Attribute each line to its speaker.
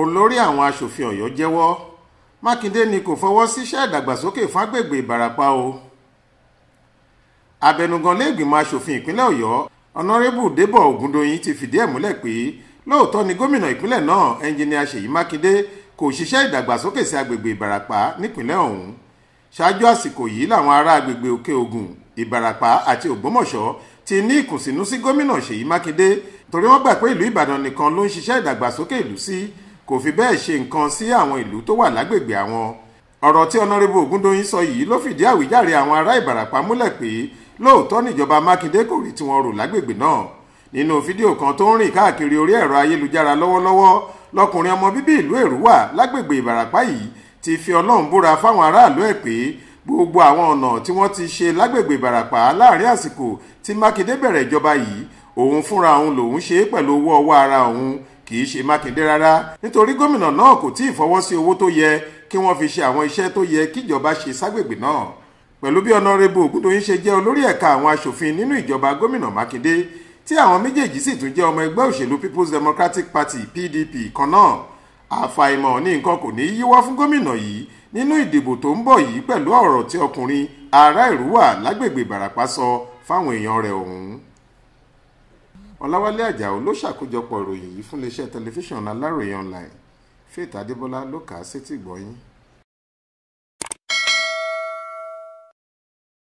Speaker 1: olórí àwọn aṣòfin ọ̀yọ́ jẹ́wọ́ mákindé ni kò fọwọ́ síṣẹ́ ìdàgbàsókè fágbègbè ìbarapá o abẹnugan lẹ́gbìmọ̀ aṣòfin ìpínlẹ̀ ọ̀yọ́ ọ̀nàrẹ́bù débọ̀ ògúndóyin ti fìdí ẹ̀ múlẹ̀ pé lóòótọ́ ni gómìnà ìpínlẹ̀ náà ẹnjiníà ṣèyí mákindé kò ṣiṣẹ́ ìdàgbàsókè sí agbègbè ìbarapá nípínlẹ̀ ọ̀hún ṣáájú àsìkò yìí làwọn ará agbègbè òkè ògùn ìbarapá àti ògbómọ̀ṣọ́ ti ní ìkùnsínú sí gómìnà ṣèyí mákindé torí wọ́n gbà pé ìlú ìbàdàn nìkan ló ń ṣiṣẹ́ ìdàgbàsókè ìlú sí kò fi bẹ́ẹ̀ ṣe nǹkan sí àwọn ìlú tó wà lágbègbè àwọn ọ̀rọ̀ tí ọ̀nàrẹ́bù ògúndóyin sọ yìí ló fìdí àwíjàre àwọn ará ìbàràpá múlẹ̀ pé lóòótọ́ níjọba mákindé kò rí tiwọn rò lágbègbè náà nínú fídíò kan tó ń rìn káàkiri orí ẹ̀rọ ayélujára lọ́wọ́lọ́wọ́ lọkùnrin ọmọ bíbí ìlú èrúwà lágbègbè ìbàràpá yìí ti fi ọlọ́run búra fáwọn aráàlú ẹ̀ pé gbogbo àwọn ọ̀nà tí wọ́n ti ṣe lágbègbè ìbàràpá láàrin àsìkò tí mákindé bẹ̀rẹ̀ ìjọba yìí òun fúnra òun lòun ṣe pẹ̀lú owó ọwọ́ ara òun kì í ṣe Mákindé rárá nítorí gómìnà náà kò tí ì fọwọ́ sí owó tó yẹ kí wọ́n fi ṣe àwọn iṣẹ́ tó yẹ kíjọba ṣe ságbègbè náà pẹ̀lú bí ọ̀nàrẹ́bù Ògúntóyìn ṣe jẹ́ olórí ẹ̀ka àwọn aṣòfin nínú ìjọba gómìnà Mákindé tí àwọn méjèèjì sì tún jẹ́ ọmọ ẹgbẹ́ òṣèlú People's Democratic Party PDP kan náà àfàìmọ̀ ní nǹkan kò ní í yíwọ́ fún gómìnà yìí nínú ìdìbò tó ń bọ̀ yìí pẹ̀lú ọ̀rọ̀ tí ọkùnrin ará ìrúwà lágbègbè Ìbàràpá sọ fáwọn èèyàn rẹ̀ ọ̀hún ọ̀làwálé ajáò ló ṣàkójọpọ̀ ìròyìn yìí fún iléeṣẹ́ tẹlifíṣàn aláròye online faith adébọlá ló kà á sétí ìgbọ́yìn.